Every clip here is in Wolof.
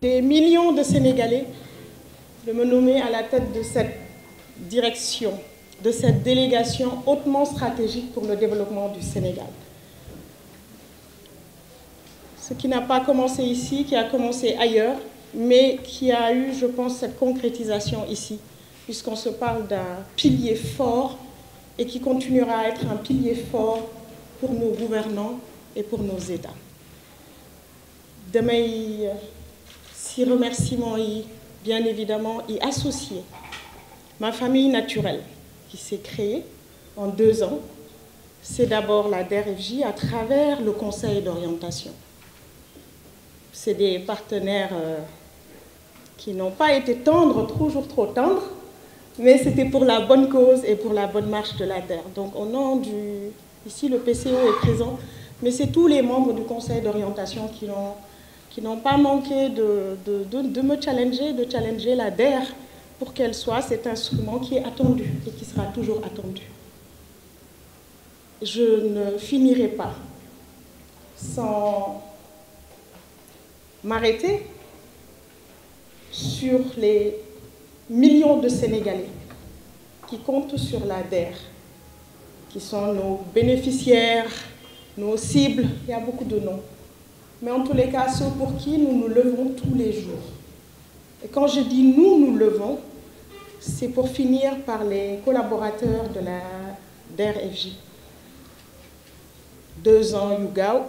Des millions de Sénégalais de me nommer à la tête de cette direction, de cette délégation hautement stratégique pour le développement du Sénégal. Ce qui n'a pas commencé ici, qui a commencé ailleurs, mais qui a eu, je pense, cette concrétisation ici, puisqu'on se parle d'un pilier fort et qui continuera à être un pilier fort pour nos gouvernants et pour nos États damay euh, si remerciements yi bien évidemment y associer ma famille naturelle qui s'est créée en deux ans c'est d'abord la DER/FJ à travers le conseil d'orientation c'est des partenaires euh, qui n'ont pas été tendres toujours trop tendres mais c'était pour la bonne cause et pour la bonne marche de la DER donc au nom du Ici, le PCO est présent, mais c'est tous les membres du conseil d'orientation qui l'ont qui n'ont pas manqué de, de, de, de, me challenger, de challenger la DER pour qu'elle soit cet instrument qui est attendu et qui sera toujours attendu. Je ne finirai pas sans m'arrêter sur les millions de Sénégalais qui comptent sur la DER qui sont nos bénéficiaires, nos cibles, il y a beaucoup de noms. Mais en tous les cas, ceux pour qui nous nous levons tous les jours. Et quand je dis nous nous levons, c'est pour finir par les collaborateurs de la DRFJ. Deux ans YouGao,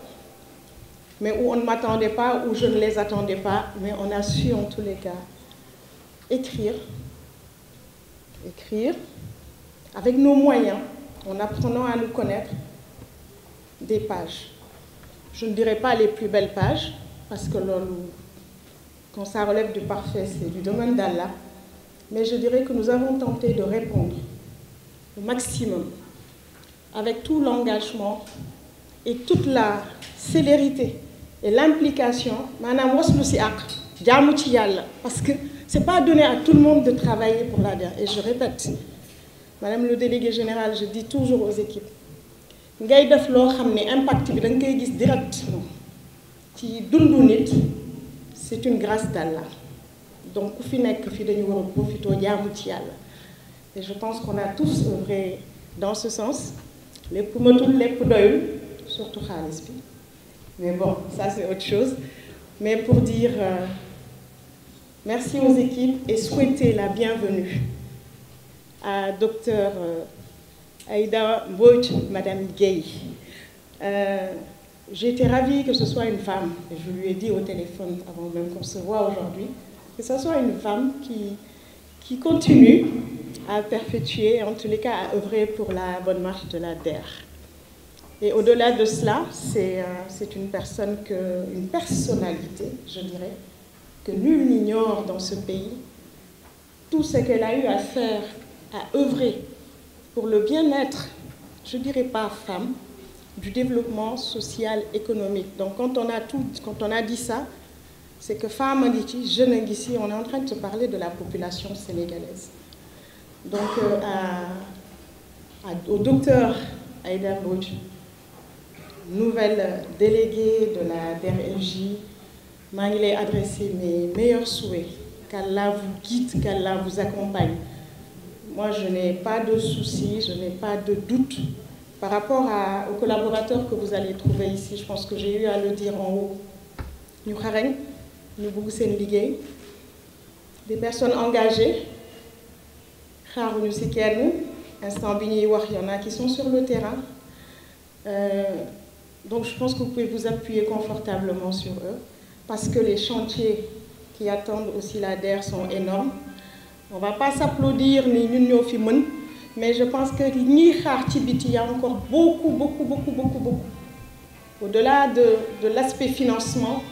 mais où on ne m'attendait pas, où je ne les attendais pas, mais on a su en tous les cas écrire avec nos moyens, en apprenant à nous connaître, des pages. Je ne dirais pas les plus belles pages, parce que quand ça relève du parfait, c'est du domaine d'Allah. Mais je dirais que nous avons tenté de répondre au maximum, avec tout l'engagement et toute la célérité et l'implication. Madame parce que ce n'est pas donné à tout le monde de travailler pour l'ADER. Et je répète, madame le délégué général je dis toujours aux équipes ngay def loo xam ne impact bi da nga koy gis directement ci dundu nit c'est une grâce la donc ku fi nekk fi dañu war a profité jaamu ci yàlla et je pense qu'on a tous œuvré dans ce sens lépp matul lépp doyul surtout xaalis bi mais bon ça c'est autre chose mais pour dire euh, merci aux équipes et souhaiter la bienvenue à docteur euh, Aïda Mbodj, Madame Gay. Euh, J'étais ravie que ce soit une femme, et je lui ai dit au téléphone avant même qu'on se voit aujourd'hui, que ce soit une femme qui, qui continue à perpétuer, en tous les cas à œuvrer pour la bonne marche de la DER. Et au-delà de cela, c'est euh, une personne, que, une personnalité, je dirais, que nul n'ignore dans ce pays, tout ce qu'elle a eu à faire à œuvrer pour le bien-être, je ne dirais pas femme, du développement social, économique. Donc quand on a, tout, quand on a dit ça, c'est que femme dit jeune ici, on est en train de se parler de la population sénégalaise. Donc euh, à, à, au docteur Aïda Bouch, nouvelle déléguée de la DRLJ, je adressé mes meilleurs souhaits, qu'Allah vous guide, qu'Allah vous accompagne. moi je n'ai pas de soucis, je n'ai pas de doute par rapport à, aux collaborateurs que vous allez trouver ici. Je pense que j'ai eu à le dire en haut. Nous nous des personnes engagées, xaaruñu ci kenn instant bi ñuy wax y en a qui sont sur le terrain euh, donc je pense que vous pouvez vous appuyer confortablement sur eux parce que les chantiers qui attendent aussi la DER sont énormes on va pas s'applaudir ni ñun ñoo fi mën mais je pense que li ñuy xaar ci biti y a encore beaucoup beaucoup beaucoup beaucoup au-delà de de l'aspect financement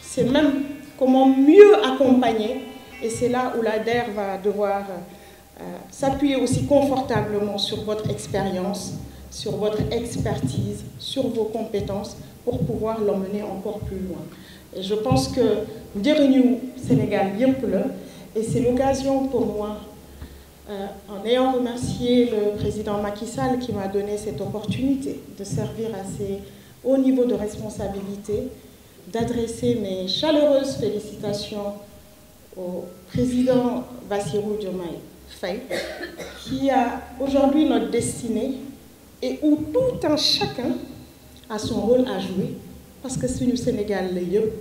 c'est même comment mieux accompagner et c'est là où l'ADER va devoir euh, s'appuyer aussi confortablement sur votre expérience sur votre expertise sur vos compétences pour pouvoir l'emmener encore plus loin et je pense que njëriñu Sénégal yëpp la Et c'est l'occasion pour moi, euh, en ayant remercié le président Macky Sall qui m'a donné cette opportunité de servir à ces hauts niveaux de responsabilité, d'adresser mes chaleureuses félicitations au président Bassirou Diomaye Faye, qui a aujourd'hui notre destinée et où tout un chacun a son rôle à jouer parce que suñu Sénégal la yëpp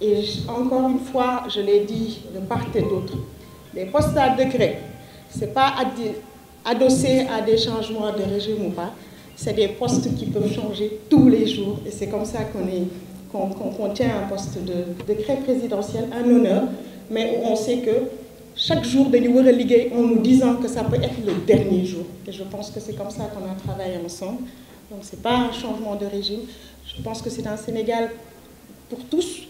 Et encore une fois, je l'ai dit de part et d'autre, les postes à décret, ce n'est pas adossé à des changements de régime ou pas, c'est des postes qui peuvent changer tous les jours. Et c'est comme ça qu'on est qu'on qu tient un poste de décret présidentiel, un honneur, mais où on sait que chaque jour de nouveau religué en nous disant que ça peut être le dernier jour. Et je pense que c'est comme ça qu'on a travaillé ensemble. Donc ce n'est pas un changement de régime. Je pense que c'est un Sénégal pour tous,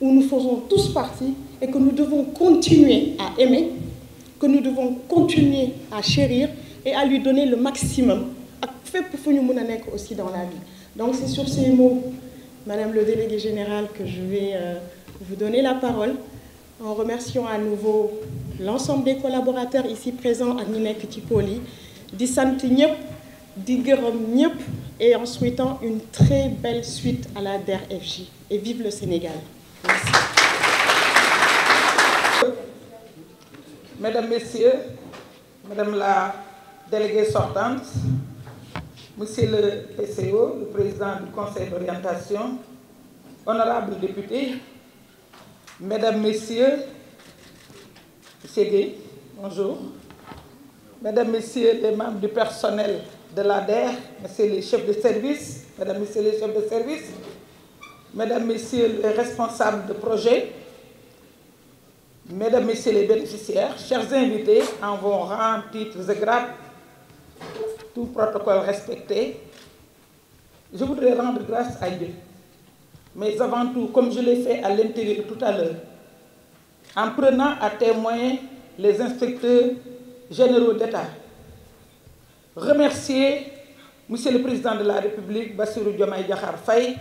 où nous faisons tous partie et que nous devons continuer à aimer, que nous devons continuer à chérir et à lui donner le maximum. aussi dans la vie. Donc c'est sur ces mots, Madame le délégué général, que je vais euh, vous donner la parole en remerciant à nouveau l'ensemble des collaborateurs ici présents à Ninek Tipoli, et en souhaitant une très belle suite à la DRFJ. Et vive le Sénégal Merci. Mesdames, Messieurs, Madame la déléguée sortante, Monsieur le PCO, le président du Conseil d'orientation, honorables députés, Mesdames, Messieurs, Monsieur Gay, bonjour. Mesdames, Messieurs les membres du personnel de l'ADER, Messieurs les chefs de service, Mesdames, Messieurs les chefs de service, Mesdames, Messieurs les responsables de projet, Mesdames, Messieurs les bénéficiaires, chers invités, en vos rangs, titres et grades, tout protocole respecté, je voudrais rendre grâce à Dieu. Mais avant tout, comme je l'ai fait à l'intérieur tout à l'heure, en prenant à témoin les inspecteurs généraux d'État, remercier Monsieur le Président de la République, Bassirou Diomaye Diakhar Faye,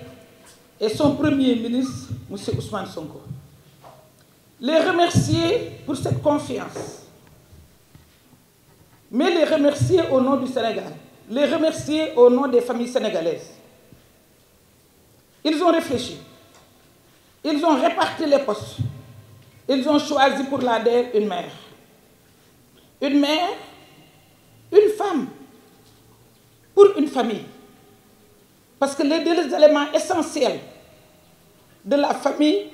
et son premier ministre, M. Ousmane Sonko. Les remercier pour cette confiance, mais les remercier au nom du Sénégal, les remercier au nom des familles sénégalaises. Ils ont réfléchi, ils ont réparti les postes, ils ont choisi pour l'ADER une mère. Une mère, une femme, pour une famille. Parce que les deux éléments essentiels de la famille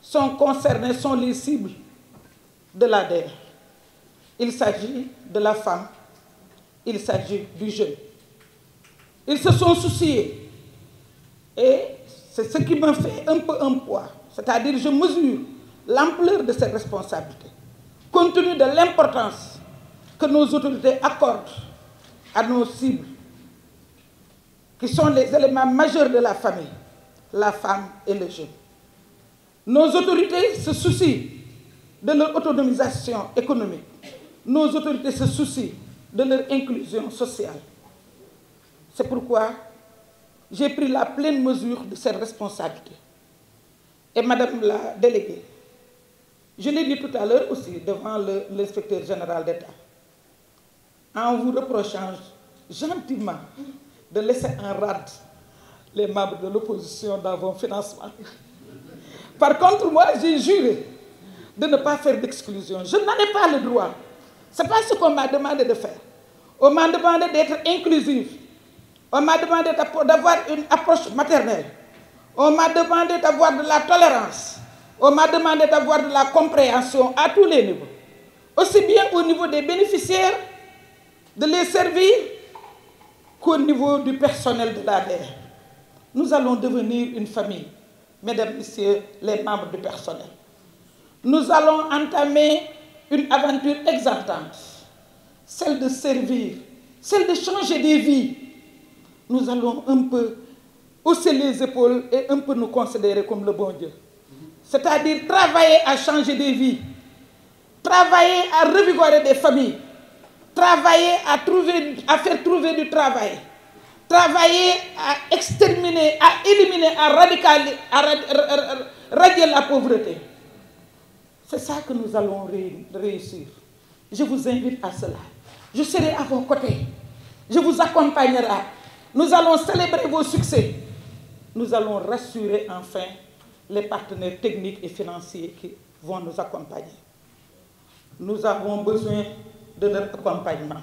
sont concernés, sont les cibles de l'ADR. Il s'agit de la femme, il s'agit du jeune. Ils se sont souciés et c'est ce qui me fait un peu un poids. C'est-à-dire je mesure l'ampleur de ces responsabilités, compte tenu de l'importance que nos autorités accordent à nos cibles qui sont les éléments majeurs de la famille, la femme et le jeune. Nos autorités se soucient de leur autonomisation économique. Nos autorités se soucient de leur inclusion sociale. C'est pourquoi j'ai pris la pleine mesure de cette responsabilité. Et Madame la déléguée, je l'ai dit tout à l'heure aussi devant l'inspecteur général d'État, en vous reprochant gentiment de laisser en rade les membres de l'opposition dans vos financements. Par contre, moi, j'ai juré de ne pas faire d'exclusion. Je n'en ai pas le droit. Ce n'est pas ce qu'on m'a demandé de faire. On m'a demandé d'être inclusive. On m'a demandé d'avoir une approche maternelle. On m'a demandé d'avoir de la tolérance. On m'a demandé d'avoir de la compréhension à tous les niveaux. Aussi bien au niveau des bénéficiaires, de les servir, qu'au niveau du personnel de l'ADR. Nous allons devenir une famille, mesdames, messieurs les membres du personnel. Nous allons entamer une aventure exaltante, celle de servir, celle de changer des vies. Nous allons un peu hausser les épaules et un peu nous considérer comme le bon Dieu. C'est-à-dire travailler à changer des vies, travailler à revigorer des familles, travailler à, trouver, à faire trouver du travail, travailler à exterminer, à éliminer, à, radicaliser, à radier la pauvreté. C'est ça que nous allons réussir. Je vous invite à cela. Je serai à vos côtés. Je vous accompagnerai. Nous allons célébrer vos succès. Nous allons rassurer enfin les partenaires techniques et financiers qui vont nous accompagner. Nous avons besoin de notre accompagnement.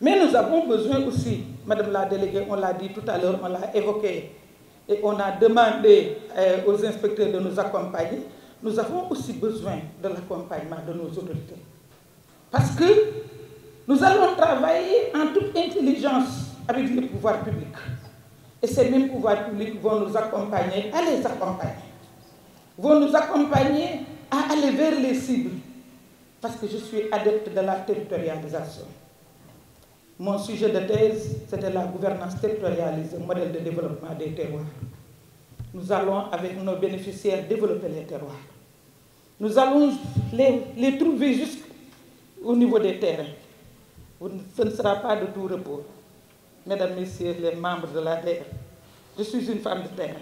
Mais nous avons besoin aussi, Madame la déléguée, on l'a dit tout à l'heure, on l'a évoqué, on a demandé euh, aux de nous accompagner, nous avons aussi besoin de l'accompagnement de nos autorités. Parce que nous allons travailler en toute intelligence avec les pouvoirs publics. Et ces mêmes pouvoirs publics vont nous accompagner à les accompagner, vont nous accompagner à aller vers les parce que je suis adepte de la territorialisation. Mon sujet de thèse, c'était la gouvernance territorialisée, modèle de développement des terroirs. Nous allons, avec nos bénéficiaires, développer les terroirs. Nous allons les, les trouver jusqu'au niveau des terrains. Ce ne sera pas de tout repos. Mesdames, Messieurs les membres de la terre, je suis une femme de terrain.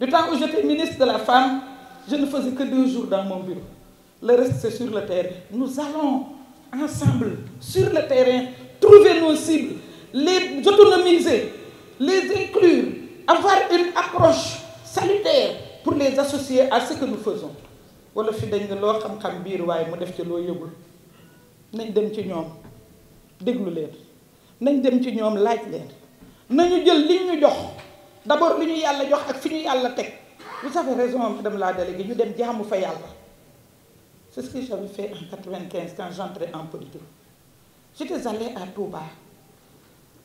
Du temps où j'étais ministre de la Femme, je ne faisais que deux jours dans mon bureau. Le reste, c'est sur le terrain. Nous allons ensemble, sur le terrain, trouver nos cibles, les autonomiser, les inclure, avoir une approche salutaire pour les associer à ce que nous faisons. wala fi dañ ne loo xam-xam biir waaye mu def ci loo yëgul nañ dem ci ñoom déglu leen nañ dem ci ñoom laaj leen nañu jël li ñu jox d'abord li ñu yàlla jox ak fi ñu yàlla teg vous avez raison dem la déléguée ñu dem jaamu fa yàlla C'est ce que j'avais fait en 1995 quand j'entrais en politique. J'étais allée à Touba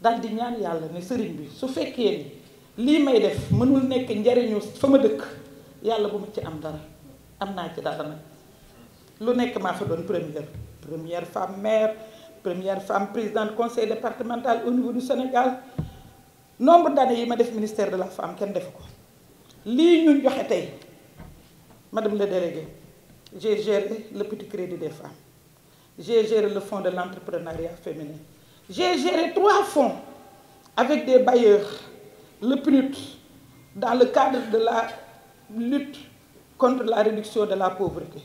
daal di ñaan yàlla ne sëriñ bi su fekkee ni lii may def mënul nekk njariñu fa ma dëkk yàlla bu mu ci am dara am naa ci dara nag lu nekk maa fa doon première première femme maire première femme présidente conseil départemental au niveau du Sénégal nombre d'années yi ma def ministère de la femme kenn def ko lii ñu joxe tey ma madame la déléguée j'ai géré le petit crédit des femmes j'ai géré le fonds de l'entrepreneuriat féminin j'ai géré trois fonds avec des bailleurs le PNUD dans le cadre de la lutte contre la réduction de la pauvreté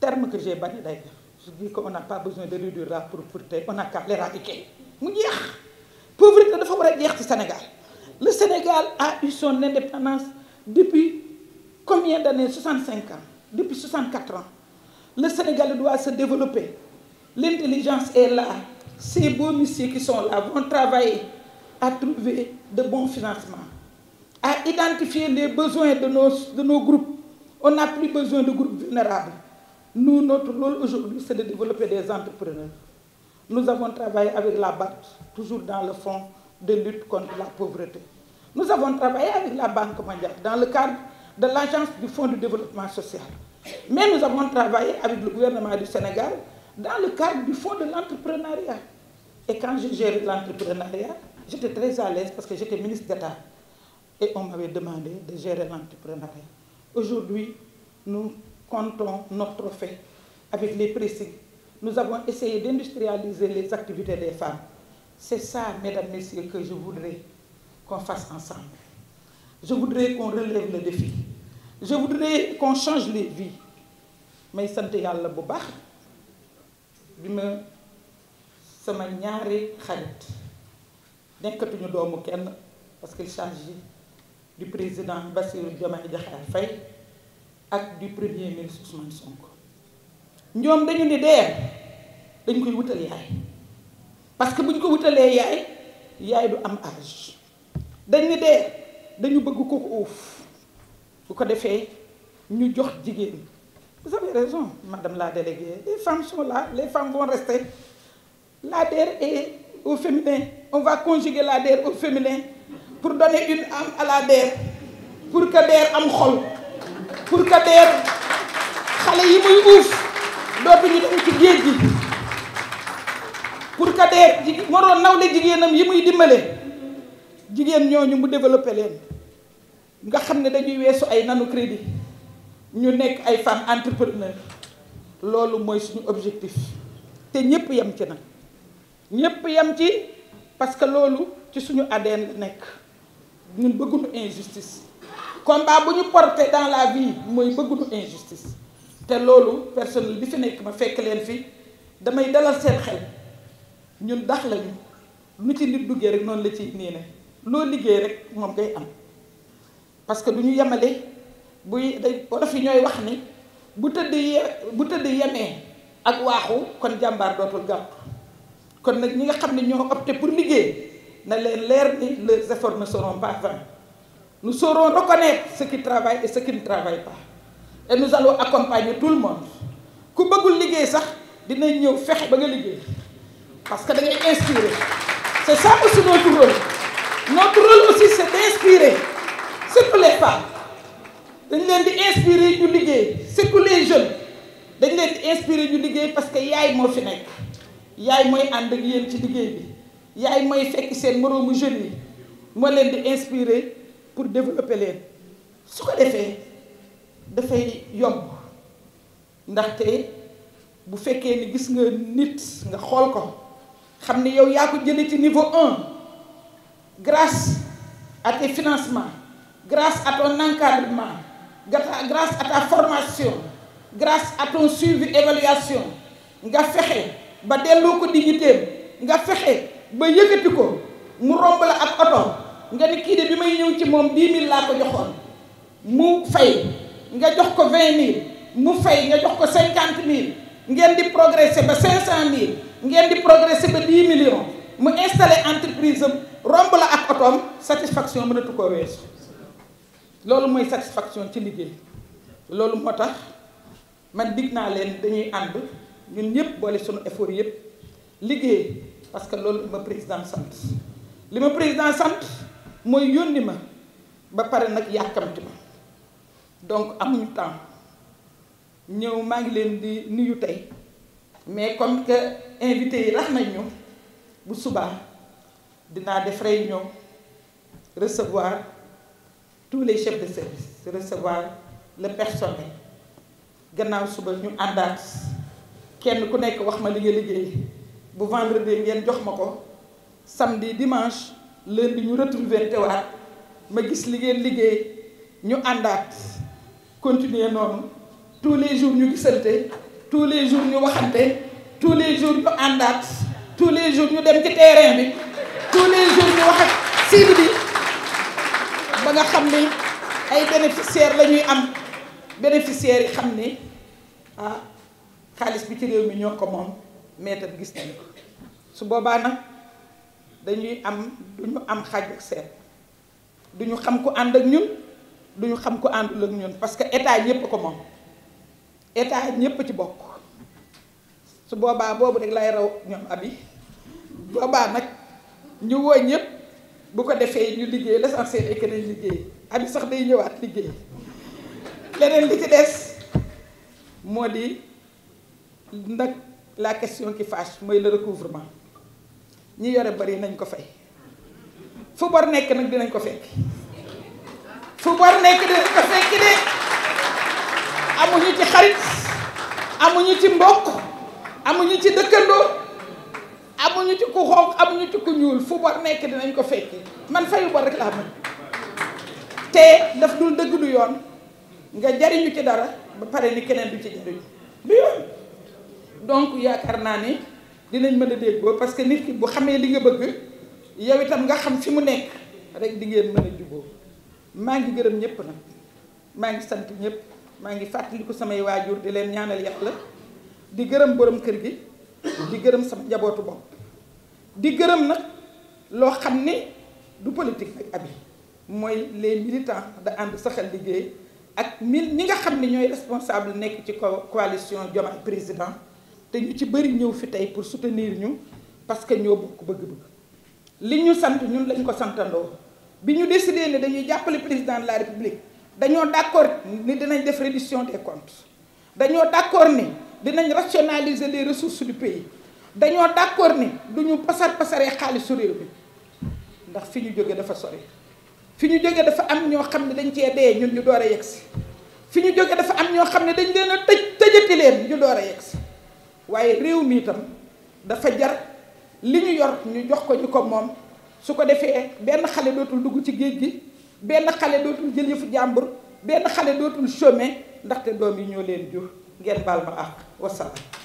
terme que j'ai banni d'ailleurs je dis qu'on n'a pas besoin de réduire la pauvreté on a qu'à l'éradiquer mu jeex pauvreté dafa war jeex ci Sénégal le Sénégal a eu son indépendance depuis combien d'années 65 ans depuis 64 ans. Le Sénégal doit se développer. L'intelligence est là. Ces beaux messieurs qui sont là vont travailler à trouver de bons financements, à identifier les besoins de nos, de nos groupes. On n'a plus besoin de groupes vulnérables. Nous, notre rôle aujourd'hui, c'est de développer des entrepreneurs. Nous avons travaillé avec la BAT, toujours dans le fond de lutte contre la pauvreté. Nous avons travaillé avec la Banque mondiale dans le cadre de l'Agence du Fonds de développement social. Mais nous avons travaillé avec le gouvernement du Sénégal dans le cadre du Fonds de l'entrepreneuriat. Et quand je gérais l'entrepreneuriat, j'étais très à l'aise parce que j'étais ministre d'État. Et on m'avait demandé de gérer l'entrepreneuriat. Aujourd'hui, nous comptons notre trophée avec les précis. Nous avons essayé d'industrialiser les activités des femmes. C'est ça, mesdames, messieurs, que je voudrais qu'on fasse ensemble. Je voudrais qu'on relève le défi. Je voudrais qu'on change les vies. may sant yàlla bu baax bi ma sama ñaari xarit nekkatuñu doomu kenn parce qu'il s'agit du président Bassirou Diomaye Diakhar Faye ak du premier ministre Ousmane Sonko ñoom dañu ni deer dañ koy wutal yaay parce que bu ñu ko wutalee yaay yaay du am âge dañ ni deer dañu bëgg ko ko uuf bu ko defee ñu jox jigéen vous avez raison madame la déléguée les femmes sont là les femmes vont rester l'ADER est au féminin on va la l'ADER au féminin pour donner une âme à l'ADER pour que DER am xol pour que DER xale yi muy uuf dootuñu dem ci géej gi pour que DER ji waroon nawle jigéenam yi muy dimbale jigéen ñooñu mu développé leen nga xam ne dañuy weesu ay nanu crédit ñu nekk ay femmes entrepreneur loolu mooy suñu objectif te ñëpp yam ci nag ñëpp yem ci parce que loolu ci suñu ADN nekk ñun bëgguñu injustice combat bu ñu porté dans la vie mooy bëgguñu injustice te loolu personnel bi fi nekk ma fekk leen fi damay dalal seen xel ñun dax lañu lu ci nit duggee rek noonu la ci nii ne loo liggéey rek moom day am parce que du ñu yemale buy day olof fi ñooy wax ni bu tëdd ye bu tëdd yemee ak waaxu kon jàmbaar dootul gàpp kon nag ñi nga xam ne ñoo opté pour liggéey na leen leer ni leurs efforts ne seront pas vains nous saurons reconnaître ceux qui travaillent et ceux qui ne travaillent pas et nous allons accompagner tout le monde ku bëggul liggéey sax dinañ ñëw fexe ba nga liggéey parce que da ngay inspirer c'est ça aussi notre notre rôle aussi c'est d'inspirer surtout les pas dañ leen di inspirer yu liggéey surtout les jeunes dañ leen di inspirer ñu liggéey parce que yaay moo fi nekk yaay mooy ànd ak yéen ci liggéey bi yaay mooy fekk seen moroomu jeunes yi moo leen di inspirer pour développer leen su ko defee dafay yomb ndaxte bu fekkee ni gis nga nit nga xool ko xam ne yow yaa ko jëlee ci niveau un grace à financement grace grâce à ton encadrement, grâce à ta formation, grâce à ton suivi évaluation nga fexe ba delloo ko dignité nga fexe ba yëkkati ko mu romb la ak oto nga ni kii de bi may ñëw ci moom 10 000 laa ko joxoon mu fay nga jox ko 20 000 mu fay nga jox ko 50 000 ngeen di progresser ba 500 000 ngeen di progresser ba 10 millions mu installé entreprise am. romb la ak otoom satisfaction mënatu koo weesu loolu mooy satisfaction ci liggéey loolu moo tax man dig naa leen dañuy ànd ñun ñëpp boole suñu effort yëpp liggéey parce que loolu ma président sant li ma président sant mooy yónni ma ba pare nag yàkkamti ma donc amuñu temps ñëw maa ngi leen di nuyu tey mais comme que invité yi rax nañ ñu bu subaa. dinaa def réunion recevoir tous les chefs de service recevoir le personnel gannaaw suba ñu àndaat kenn ku nekk wax ma li nga liggéey bu vendredi ngeen jox ma ko samedi dimanche lundi ñu retrouver tewaat ma gis li ngeen liggéey ñu àndaat continuer noonu tous les jours ñu gisante tous les jours ñu waxante tous les jours ñu àndaat tous les jours ñu dem ci terrain bi tous les jours ñu wax ak cible bi ba nga xam ni ay bénéficiaires lañuy am bénéficiaires yi xam ni ah xaalis bi ci réew mi ñoo ko moom mais gis nañ ko su boobaa nag dañuy am du ñu am xaaj ak seen du ñu xam ku ànd ak ñun du ñu xam ku àndul ak ñun parce que état ñëpp ko moom état ñëpp ci bokk su boobaa boobu rek lay raw ñoom abi boobaa nag. ñu woo ñëpp bu ko defee ñu liggéey l'essentiel est que nañ liggéey abi sax day ñëwaat liggéey leneen li ci des moo di nag la question qui fâche mooy le recouvrement ñi yore bari nañ ko fay fu bor nekk nag dinañ ko fekk fu bor nekk dinañ ko fekk de amuñu ci xarit amuñu ci mbokk amuñu ci dëkkandoo am ñu ci ku xonq am ñu ci ku ñuul fu bor nekk dinañ ko fekkee man fayu bor rek laa mën te daf dul dëgg du yoon nga jariñu ci dara ba pare ni keneen du ci jariñu du yoon donc yaakaar naa ni dinañ mën a déggoo parce que nit ki bu xamee li nga bëgg yow itam nga xam fi mu nekk rek di ngeen mën a juboo maa ngi gërëm ñëpp nag maa ngi sant ñëpp maa ngi fàttaliku samay waajur di leen ñaanal yàq la di gërëm borom kër gi di gërëm sama njabootu bopp di gërëm nag loo xam ne du politique nag abi mooy les militants da ànd saxal liggéey ak mil ñi nga xam ne ñooy responsable nekk ci coalition Diomaye président te ñu ci bëri ñëw fi tey pour soutenir ñu parce que ñoo bokk bëgg-bëgg li ñu sant ñun lañ ko santandoo bi ñu décidé ne dañuy jàppale président de la république dañoo d'accord ni dinañ def réduction des comptes dañoo d'accord ni dinañ rationaliser les ressources du pays dañoo d'accord ni du ñu pasar pasaree xaalisu réew mi ndax fi ñu jóge dafa sori fi ñu jóge dafa am ñoo xam ne dañ cee dee ñun ñu door a fi ñu jóge dafa am ñoo xam ne dañ leen a tëj tëjati leen ñu door a yegsi waaye réew mi itam dafa jar li ñu yor ñu jox ko ñu ko moom su ko defee benn xale dootul dugg ci géej gi benn xale dootul jël yëfu jàmbur benn xale dootul chômer ndaxte doom yi ñoo leen jur ngeen baal ma àq wasalaam